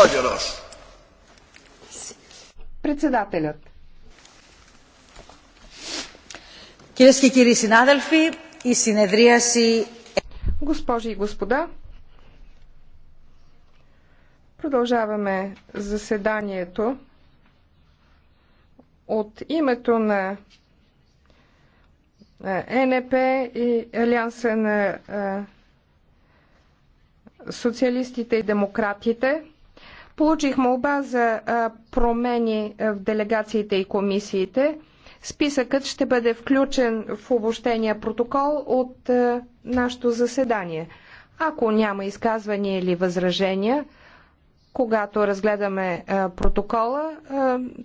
Пройдерос. Председателят. Κυρίες кири κύριοι и синедрия си. Госпожи и господа, продължаваме заседанието от името на е, ЕНП и Алианса на е, социалистите и демократите. Получих молба за промени в делегациите и комисиите. Списъкът ще бъде включен в обобщения протокол от нашето заседание. Ако няма изказвания или възражения, когато разгледаме протокола,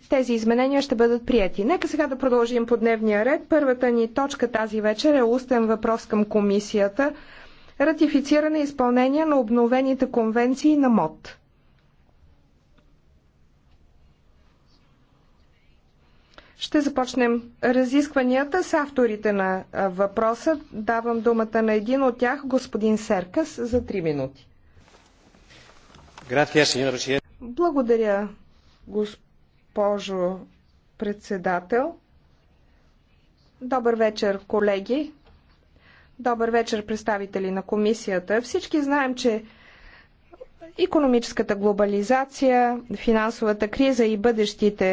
тези изменения ще бъдат прияти. Нека сега да продължим по дневния ред. Първата ни точка тази вечер е устен въпрос към комисията. Ратифициране и изпълнение на обновените конвенции на МОД. Ще започнем разискванията с авторите на въпроса. Давам думата на един от тях, господин Серкас, за три минути. Благодаря, госпожо председател. Добър вечер, колеги. Добър вечер, представители на комисията. Всички знаем, че економическата глобализация, финансовата криза и бъдещите